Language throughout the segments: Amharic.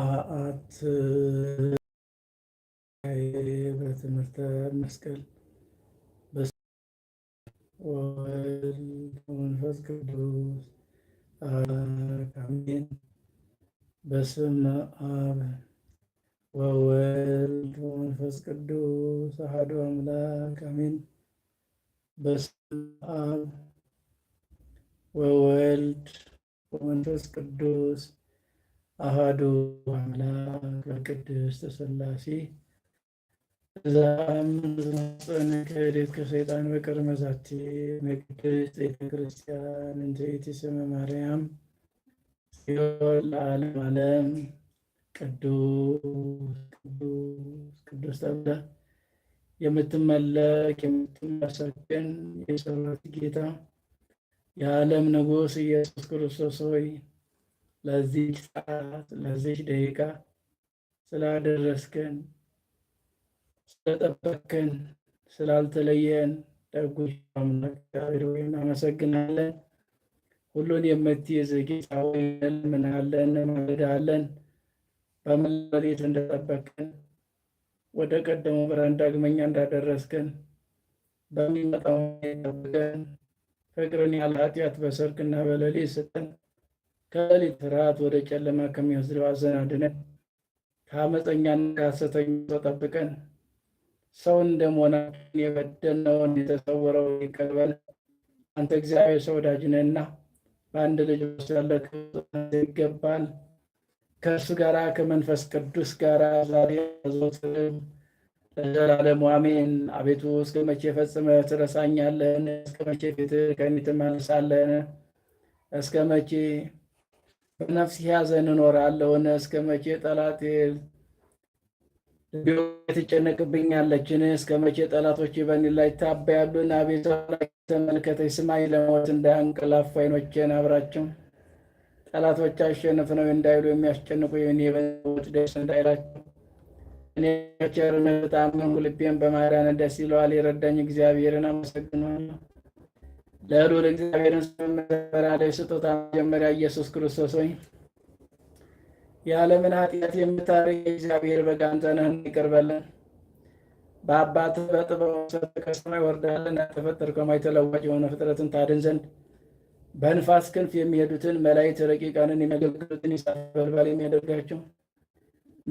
አት በትምህርተ መስቀል ወልድ መንፈስ ቅዱስ አሜን። በስመ አብ ወወልድ መንፈስ ቅዱስ አሐዱ አምላክ አሜን። በስመ አብ ወወልድ መንፈስ ቅዱስ አሃዱ አምላክ በቅድስት ሥላሴ ዛምዝናፀን ክህደት ከሰይጣን በቀር መዛቲ መቅድስት ቤተክርስቲያን እንዘይቲ ስመ ማርያም ሲወል ዓለም ዓለም ቅዱስ ቅዱስ ቅዱስ ተብላ የምትመለክ የምትመሰገን የሰራት ጌታ የዓለም ንጉሥ ኢየሱስ ክርስቶስ ሆይ ለዚህ ሰዓት ለዚህ ደቂቃ ስላደረስከን ስለጠበቅከን ስላልተለየን ደጉ አምላክ እናመሰግናለን። ሁሉን የምትይዝ ጌታ ሆይ እንለምንሃለን፣ እንማልድሃለን። በመለሌት እንደጠበቅከን ወደ ቀደሞ ብርሃን ዳግመኛ እንዳደረስከን በሚመጣው ጠብቀን፣ ፍቅርን ያለ ኃጢአት በሰርክና በሌሊት ስጠን። ከሌሊት ፍርሃት ወደ ጨለማ ከሚወስድ ሐዘን አድነን፣ ከአመፀኛና ከሐሰተኛ ተጠብቀን፣ ሰው እንደመሆናችን የበደልነውን የተሰወረውን ይቀበል። አንተ እግዚአብሔር ሰው ወዳጅ ነህና በአንድ ልጅ ውስጥ ያለ ይገባል። ከእርሱ ጋር ከመንፈስ ቅዱስ ጋር ዛሬ ዘወትር ለዘላለሙ አሜን። አቤቱ እስከ መቼ ፈጽመ ትረሳኛለህን? እስከ መቼ ፊትህ ከእኔ ትመልሳለህን? እስከ መቼ በነፍስ ያዘን እኖራለሁን? እስከ መቼ ጠላት ትጨነቅብኛለችን? እስከ መቼ ጠላቶች በእኔ ላይ ታበያሉን? አቤቱ ተመልከተኝ፣ ስማኝ፣ ለሞት እንዳያንቀላፉ ዓይኖቼን አብራቸው። ጠላቶች አሸንፍነው እንዳይሉ የሚያስጨንቁ የኔ በዎች ደስ እንዳይላቸው። እኔ ቸርነት በጣም ሁልቤን በማዳን ደስ ይለዋል። የረዳኝ እግዚአብሔርን አመሰግኖ ለሩር እግዚአብሔርን ስመራላይ ስጦታ መጀመሪያ ኢየሱስ ክርስቶስ ወይ የዓለምን ኃጢአት የምታርቅ እግዚአብሔር በግ አንተ ነህና ይቅር በለን። በጥበብ ከሰማይ ወርዳለን ከማይ የማይተለዋጭ የሆነ ፍጥረትን ታድን ዘንድ በንፋስ ክንፍ የሚሄዱትን መላእክት ረቂቃንን የሚያገለግሉትን የእሳት የሚያደርጋቸው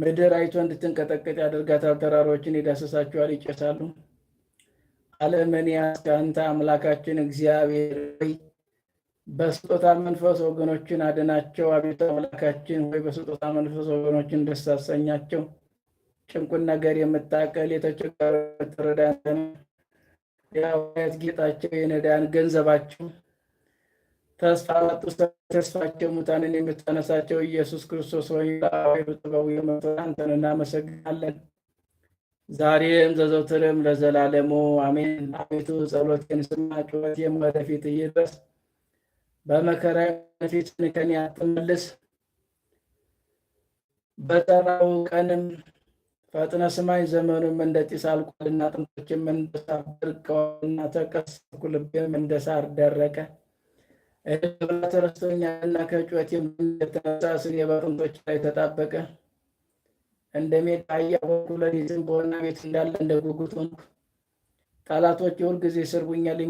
ምድር አይቶ እንድትንቀጠቀጥ ያደርጋታል። ተራሮችን ይዳሰሳቸዋል፣ ይጨሳሉ። አለመንያስ አንተ አምላካችን እግዚአብሔር ሆይ በስጦታ መንፈስ ወገኖችን አድናቸው። አቤቱ አምላካችን ሆይ በስጦታ መንፈስ ወገኖችን ደስ አሰኛቸው። ጭንቁን ነገር የምታቀል የተቸገሩ የምትረዳ የአዋያት ጌጣቸው የነዳን ገንዘባቸው ተስፋ ተስፋቸው ሙታንን የምታነሳቸው ኢየሱስ ክርስቶስ ሆይ ጥበቡ የመቶ አንተን እናመሰግናለን። ዛሬም ዘዘውትርም ለዘላለሙ አሜን። አቤቱ ጸሎቴን ስማ፣ ጩኸቴም ወደፊት ይድረስ። በመከራ ፊት ንከን አትመልስ፣ በጠራው ቀንም ፈጥነ ስማኝ። ዘመኑም እንደ ጢስ አልቋልና አጥንቶችም እንደ ሳር ደርቀዋልና፣ ተቀሰኩ ልቤም እንደ ሳር ደረቀ። እህል መብላት ረስቶኛልና ከጩኸቴም የተነሳ ስሜ በአጥንቶች ላይ ተጣበቀ። እንደ ሜዳ እያወቁ ለሊትም በሆነ ቤት እንዳለ እንደ ጉጉት ሆንኩ። ጠላቶች የሁልጊዜ ይሰርቡኛል፣